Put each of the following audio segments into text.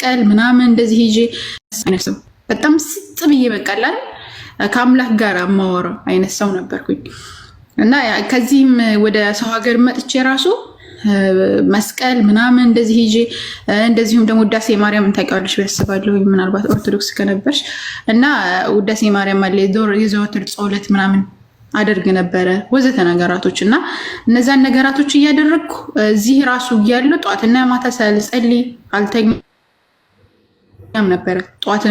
መስቀል ምናምን እንደዚህ ሄጄ አይነት ሰው በጣም ስጥ ብዬ በቃላል ከአምላክ ጋር የማወራው አይነት ሰው ነበርኩኝ። እና ከዚህም ወደ ሰው ሀገር መጥቼ ራሱ መስቀል ምናምን እንደዚህ ሄጄ እንደዚሁም ደግሞ ውዳሴ ማርያም ታውቂዋለሽ ያስባለሁ ምናልባት ኦርቶዶክስ ከነበርሽ እና ውዳሴ ማርያም አለ የዘወትር ጸሎት ምናምን አደርግ ነበረ ወዘተ ነገራቶች እና እነዛን ነገራቶች እያደረግኩ እዚህ ራሱ እያለሁ ጠዋትና ማታ ሳልጸልይ አልተኛ ም ነበረ ጠዋት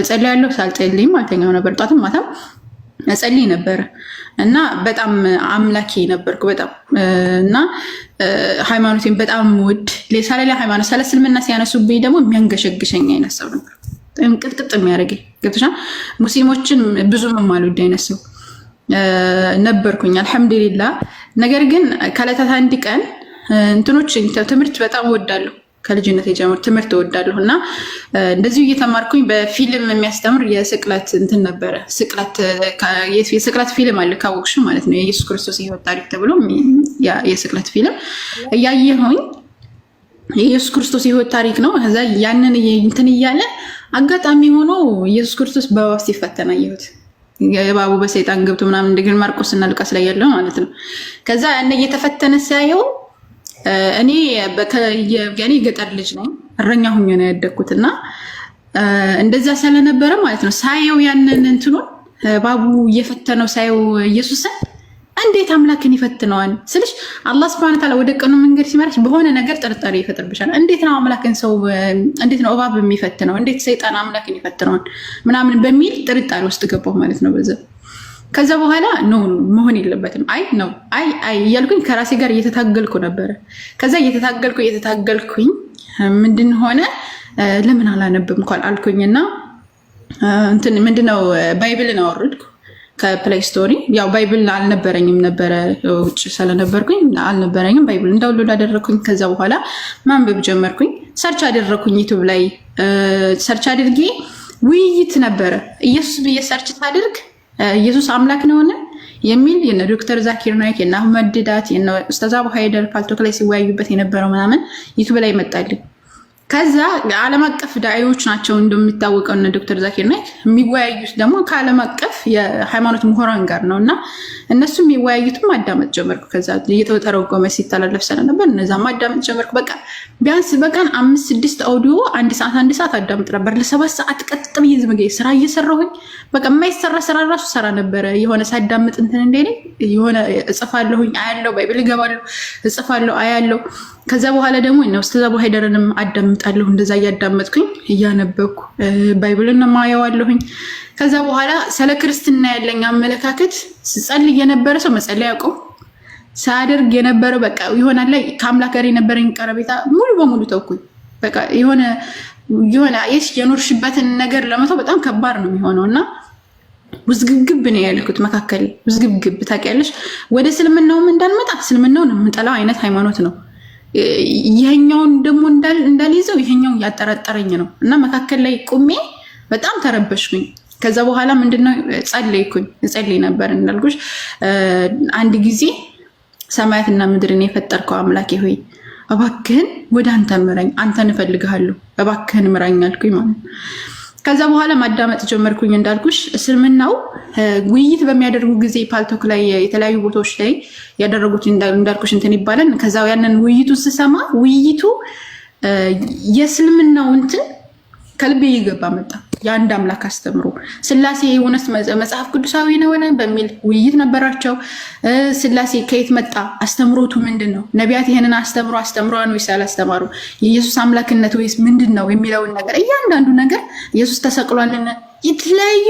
እጸልያለሁ ሳልጸልይም አልተኛም ነበር። ጠዋትም ማታም እጸልይ ነበረ እና በጣም አምላኪ ነበርኩ በጣም እና ሃይማኖቴን በጣም ውድ ሳላ ላይ ሃይማኖት ሳለ ስልምና ሲያነሱብኝ ደግሞ የሚያንገሸግሸኝ አይነት ሰው ነበር። ቅጥቅጥ የሚያደርገኝ ገብቶሻል። ሙስሊሞችን ብዙም የማልወድ አይነት ሰው ነበርኩኝ። አልሐምዱሊላ ነገር ግን ከዕለታት አንድ ቀን እንትኖች ትምህርት በጣም እወዳለሁ ከልጅነት የጀምር ትምህርት እወዳለሁ እና እንደዚሁ እየተማርኩኝ በፊልም የሚያስተምር የስቅለት እንትን ነበረ። የስቅለት ፊልም አለ ካወቅሽ ማለት ነው። የኢየሱስ ክርስቶስ የህይወት ታሪክ ተብሎ የስቅለት ፊልም እያየሁኝ የኢየሱስ ክርስቶስ የህይወት ታሪክ ነው። ከዛ ያንን እንትን እያለ አጋጣሚ ሆኖ ኢየሱስ ክርስቶስ በእባብ ሲፈተን አየሁት። የእባቡ በሰይጣን ገብቶ ምናምን እንደግን ማርቆስና ሉቃስ ላይ ያለው ማለት ነው። ከዛ እየተፈተነ ሲያየው እኔ የኔ ገጠር ልጅ ነኝ። እረኛ ሁኜ ነው ያደግኩት እና እንደዚያ ስለነበረ ማለት ነው ሳየው ያንን እንትኑን ባቡ እየፈተነው ሳየው ኢየሱስን እንዴት አምላክን ይፈትነዋል ስልሽ አላህ ስብሐነ ተዓላ ወደ ቀኑ መንገድ ሲመራሽ በሆነ ነገር ጥርጣሬ ይፈጥርብሻል። እንዴት ነው አምላክን ሰው እንዴት ነው እባብ የሚፈትነው? እንዴት ሰይጣን አምላክን ይፈትነዋል ምናምን በሚል ጥርጣሬ ውስጥ ገባሁ ማለት ነው በዛ ከዛ በኋላ ኖ መሆን የለበትም አይ ነው አይ አይ እያልኩኝ ከራሴ ጋር እየተታገልኩ ነበረ። ከዛ እየተታገልኩ እየተታገልኩኝ ምንድን ሆነ ለምን አላነብም እንኳን አልኩኝና እንትን ምንድነው ባይብልን አወረድኩ ከፕሌይ ስቶሪ። ያው ባይብል አልነበረኝም ነበረ ውጭ ስለነበርኩኝ አልነበረኝም። ባይብል እንዳውሎድ አደረግኩኝ። ከዛ በኋላ ማንበብ ጀመርኩኝ። ሰርች አደረግኩኝ ዩቱብ ላይ ሰርች አድርጌ ውይይት ነበረ ኢየሱስ ብዬ ሰርች ታድርግ ኢየሱስ አምላክ ነውን የሚል የነ ዶክተር ዛኪር ናይክ የነ አህመድ ዳት የነ ኡስታዝ አቡ ሀይደር ፓልቶክ ላይ ሲወያዩበት የነበረው ምናምን ዩቱብ ላይ ይመጣልኝ። ከዛ ዓለም አቀፍ ዳዒዎች ናቸው እንደሚታወቀው እነ ዶክተር ዛኪር ናይክ የሚወያዩት ደግሞ ከዓለም አቀፍ የሃይማኖት ምሁራን ጋር ነው እና እነሱ የሚወያዩትም ማዳመጥ ጀመርኩ። ከዛ እየተተረጎመ ሲተላለፍ ስለነበር እነዛ ማዳመጥ ጀመርኩ። በቃ ቢያንስ በቀን አምስት ስድስት ኦዲዮ አንድ ሰዓት አንድ ሰዓት አዳምጥ ነበር ለሰባት ሰዓት ቀጥ ብዬ ዝም ብዬ ስራ እየሰራሁኝ በቃ የማይሰራ ስራ ራሱ ሰራ ነበረ። የሆነ ሳዳምጥ እንትን እንደኔ የሆነ እጽፋለሁኝ አያለው፣ ባይብል እገባለሁ፣ እጽፋለሁ አያለው። ከዛ በኋላ ደግሞ ነ ኡስታዝ አቡ ሀይደርንም አዳም አዳምጣለሁ። እንደዛ እያዳመጥኩኝ እያነበኩ ባይብልን ማየዋለሁኝ። ከዛ በኋላ ስለ ክርስትና ያለኝ አመለካከት ስጸል የነበረ ሰው መጸለይ ያውቀው ሳያደርግ የነበረው በቃ ይሆናል ላይ ከአምላክ ጋር የነበረኝ ቀረቤታ ሙሉ በሙሉ ተውኩኝ። በቃ የሆነ የሆነ የስ የኖርሽበትን ነገር ለመተው በጣም ከባድ ነው የሚሆነው እና ውዝግብግብ ነው ያልኩት። መካከል ውዝግብግብ ታውቂያለሽ። ወደ እስልምናውም እንዳንመጣ እስልምናውን የምንጠላው አይነት ሃይማኖት ነው። ይሄኛውን ደግሞ እንዳልይዘው ይሄኛው እያጠረጠረኝ ነው እና መካከል ላይ ቁሜ በጣም ተረበሽኩኝ። ከዛ በኋላ ምንድነው ጸለይኩኝ፣ እጸልይ ነበር እንዳልኩሽ። አንድ ጊዜ ሰማያትና ምድርን የፈጠርከው አምላኬ ሆይ እባክህን ወደ አንተ ምረኝ፣ አንተን እፈልግሃለሁ፣ እባክህን ምረኝ አልኩኝ ማለት ነው። ከዛ በኋላ ማዳመጥ ጀመርኩኝ። እንዳልኩሽ እስልምናው ውይይት በሚያደርጉ ጊዜ ፓልቶክ ላይ የተለያዩ ቦታዎች ላይ ያደረጉት እንዳልኩሽ እንትን ይባላል። ከዛ ያንን ውይይቱን ስሰማ ውይይቱ የእስልምናው እንትን ከልቤ እየገባ መጣ። የአንድ አምላክ አስተምሮ ስላሴ የሆነስ መጽሐፍ ቅዱሳዊ ነሆነ በሚል ውይይት ነበራቸው። ስላሴ ከየት መጣ? አስተምሮቱ ምንድን ነው? ነቢያት ይህንን አስተምሮ አስተምረዋን ወይስ ያላስተማሩ? የኢየሱስ አምላክነት ወይስ ምንድን ነው የሚለውን ነገር እያንዳንዱ ነገር ኢየሱስ ተሰቅሏልን የተለያዩ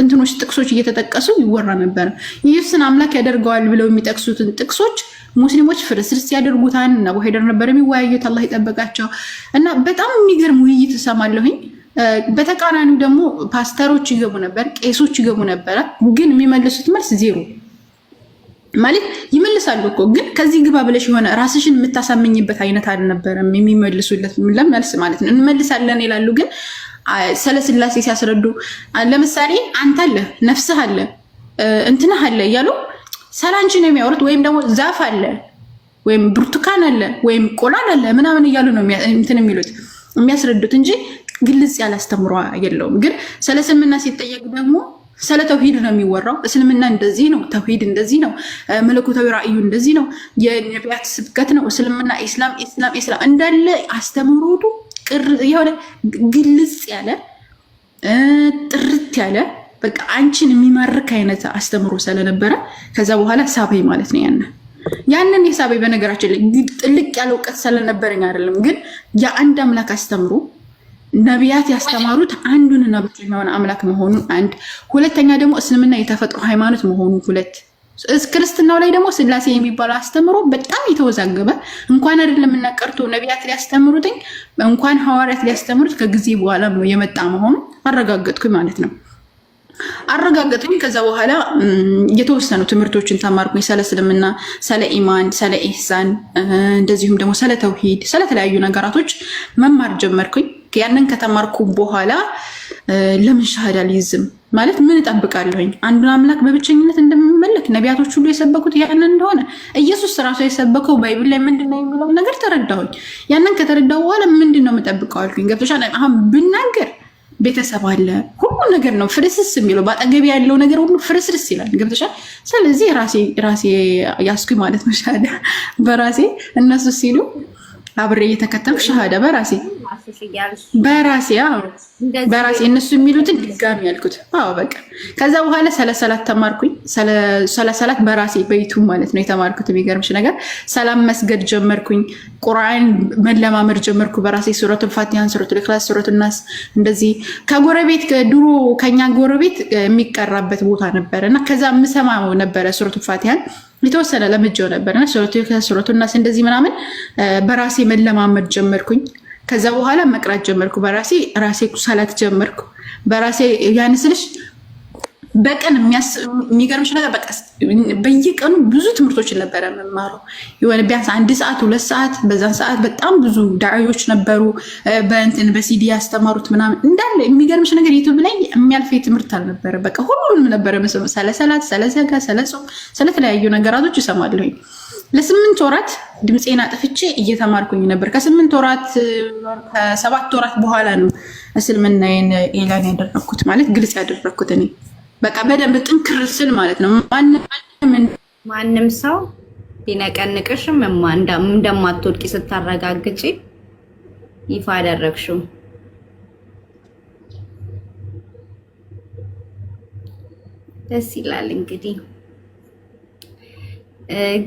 እንትኖች ጥቅሶች እየተጠቀሱ ይወራ ነበር። ኢየሱስን አምላክ ያደርገዋል ብለው የሚጠቅሱትን ጥቅሶች ሙስሊሞች ፍርስርስ ያደርጉታን እና ሄደር ነበር የሚወያዩት። አላህ ይጠበቃቸው እና በጣም የሚገርም ውይይት እሰማለሁኝ። በተቃራኒው ደግሞ ፓስተሮች ይገቡ ነበር፣ ቄሶች ይገቡ ነበረ። ግን የሚመልሱት መልስ ዜሮ ማለት ይመልሳሉ እኮ ግን ከዚህ ግባ ብለሽ የሆነ ራስሽን የምታሳመኝበት አይነት አልነበረም የሚመልሱለት መልስ ማለት ነው። እንመልሳለን ይላሉ፣ ግን ስለ ስላሴ ሲያስረዱ ለምሳሌ አንተ አለ ነፍስህ አለ እንትንህ አለ እያሉ ሰላንቺ ነው የሚያወሩት። ወይም ደግሞ ዛፍ አለ ወይም ብርቱካን አለ ወይም ቆላል አለ ምናምን እያሉ ነው እንትን የሚሉት የሚያስረዱት እንጂ ግልጽ ያለ አስተምሮ የለውም። ግን ስለ እስልምና ሲጠየቅ ደግሞ ስለ ተውሂድ ነው የሚወራው። እስልምና እንደዚህ ነው፣ ተውሂድ እንደዚህ ነው፣ መለኮታዊ ራእዩ እንደዚህ ነው፣ የነቢያት ስብከት ነው። እስልምና ኢስላም ኢስላም ኢስላም እንዳለ አስተምሮቱ የሆነ ግልጽ ያለ ጥርት ያለ በቃ አንቺን የሚማርክ አይነት አስተምሮ ስለነበረ ከዛ በኋላ ሳበይ ማለት ነው ያንን ያንን የሳበይ በነገራችን ላይ ጥልቅ ያለ እውቀት ስለነበረኝ አይደለም ግን የአንድ አምላክ አስተምሮ ነቢያት ያስተማሩት አንዱንና ብቸኛውን አምላክ መሆኑን አንድ፣ ሁለተኛ ደግሞ እስልምና የተፈጥሮ ሃይማኖት መሆኑን ሁለት ክርስትናው ላይ ደግሞ ስላሴ የሚባለው አስተምሮ በጣም የተወዛገበ እንኳን አይደለም እና ቀርቶ ነቢያት ሊያስተምሩትኝ እንኳን ሐዋርያት ሊያስተምሩት ከጊዜ በኋላ የመጣ መሆኑ አረጋገጥኩኝ ማለት ነው። አረጋገጥኩኝ። ከዛ በኋላ የተወሰኑ ትምህርቶችን ተማርኩኝ። ስለ እስልምና፣ ስለ ኢማን፣ ስለ ኢህሳን እንደዚሁም ደግሞ ስለ ተውሂድ፣ ስለተለያዩ ነገራቶች መማር ጀመርኩኝ። ያንን ከተማርኩ በኋላ ለምን ሻሃዳ ልይዝም? ማለት ምን እጠብቃለሁኝ? አንዱን አምላክ በብቸኝነት እንደምመለክ ነቢያቶች ሁሉ የሰበኩት ያንን እንደሆነ ኢየሱስ ራሱ የሰበከው ባይብል ላይ ምንድን ነው የሚለው ነገር ተረዳሁኝ። ያንን ከተረዳሁ በኋላ ምንድን ነው የምጠብቀው አልኩኝ። ገብቶሻል? አሁን ብናገር ቤተሰብ አለ፣ ሁሉ ነገር ነው ፍርስስ የሚለው በአጠገቢ ያለው ነገር ሁሉ ፍርስርስ ይላል። ገብቶሻል? ስለዚህ ራሴ ራሴ ያስኩኝ ማለት ነው በራሴ እነሱ ሲሉ አብሬ እየተከተልኩ ሻሃዳ በራሴ በራሴ በራሴ እነሱ የሚሉትን ድጋሚ ያልኩት። አዎ በቃ ከዛ በኋላ ሰለሰላት ተማርኩኝ። ሰለሰላት በራሴ በይቱ ማለት ነው የተማርኩት። የሚገርምሽ ነገር ሰላም መስገድ ጀመርኩኝ። ቁርአን መለማመድ ጀመርኩ በራሴ ሱረቱን ፋቲሃን፣ ሱረቱል ኢኽላስ፣ ሱረቱን ናስ። እንደዚህ ከጎረቤት ድሮ ከኛ ጎረቤት የሚቀራበት ቦታ ነበረ እና ከዛ የምሰማ ነበረ ሱረቱን ፋቲሃን የተወሰነ ለምጄው ነበርና ሱረቱ ናስ እንደዚህ ምናምን በራሴ መለማመድ ጀመርኩኝ። ከዛ በኋላ መቅራት ጀመርኩ። በራሴ ራሴ ሰላት ጀመርኩ። በራሴ ያንስልሽ በቀን የሚገርምሽ ነገር በየቀኑ ብዙ ትምህርቶችን ነበረ የምማረው። የሆነ ቢያንስ አንድ ሰዓት ሁለት ሰዓት በዛን ሰዓት በጣም ብዙ ዳዕዮች ነበሩ፣ በእንትን በሲዲ ያስተማሩት ምናምን እንዳለ። የሚገርምሽ ነገር ዩቱብ ላይ የሚያልፍ ትምህርት አልነበረ። በቃ ሁሉንም ነበረ መሰለኝ። ስለ ሰላት፣ ስለ ዘጋ፣ ስለ ጾም፣ ስለተለያዩ ነገራቶች ይሰማለሁኝ። ለስምንት ወራት ድምፄን አጥፍቼ እየተማርኩኝ ነበር። ከስምንት ወራት ከሰባት ወራት በኋላ ነው እስልምናዬን ኢላን ያደረግኩት ማለት ግልጽ ያደረግኩት እኔ በቃ በደንብ ጥንክር ስል ማለት ነው። ማንም ሰው ቢነቀንቅሽም እንደማትወድቂ ስታረጋግጪ ይፋ አደረግሽው። ደስ ይላል እንግዲህ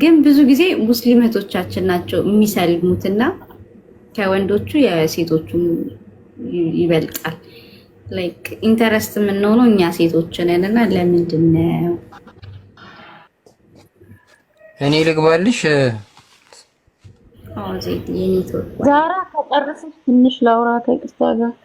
ግን ብዙ ጊዜ ሙስሊም እህቶቻችን ናቸው የሚሰልሙትና ከወንዶቹ የሴቶቹ ይበልጣል። ላይክ ኢንተረስት የምንሆነው እኛ ሴቶች ነን እና ለምንድን ነው እኔ ልግባልሽ ዛራ ከጨረሰች ትንሽ ላውራ ከቅስታ ጋር